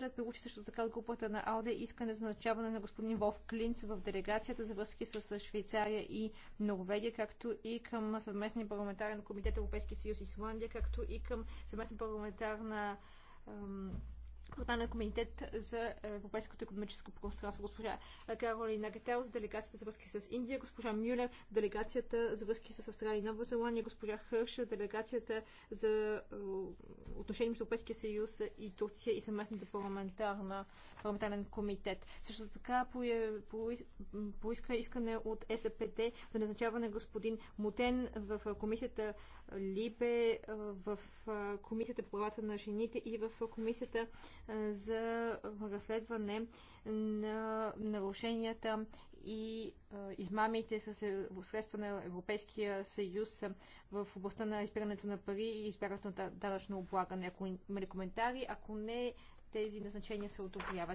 министърът получи също така от групата на АЛДЕ искане за назначаване на господин Волф Клинц в делегацията за връзки с Швейцария и Норвегия, както и към съвместния парламентарен комитет Европейски съюз Исландия, както и към съвместна парламентарна ем, Квота на Комитет за Европейското економическо пространство, госпожа Каролина Гетел за делегацията за връзки с Индия, госпожа Мюлер, делегацията за връзки с Австралия и Нова Зеландия, госпожа Хърша, делегацията за отношения с Европейския съюз и Турция и съместната парламентарна, парламентарен комитет. Също така поиска искане от СПТ за назначаване господин Мутен в комисията Либе, в комисията по правата на жените и в комисията за разследване на нарушенията и измамите с е, средства на Европейския съюз в областта на избирането на пари и избягването на данъчно облагане. Ако има ли коментари, ако не, тези назначения се одобряват.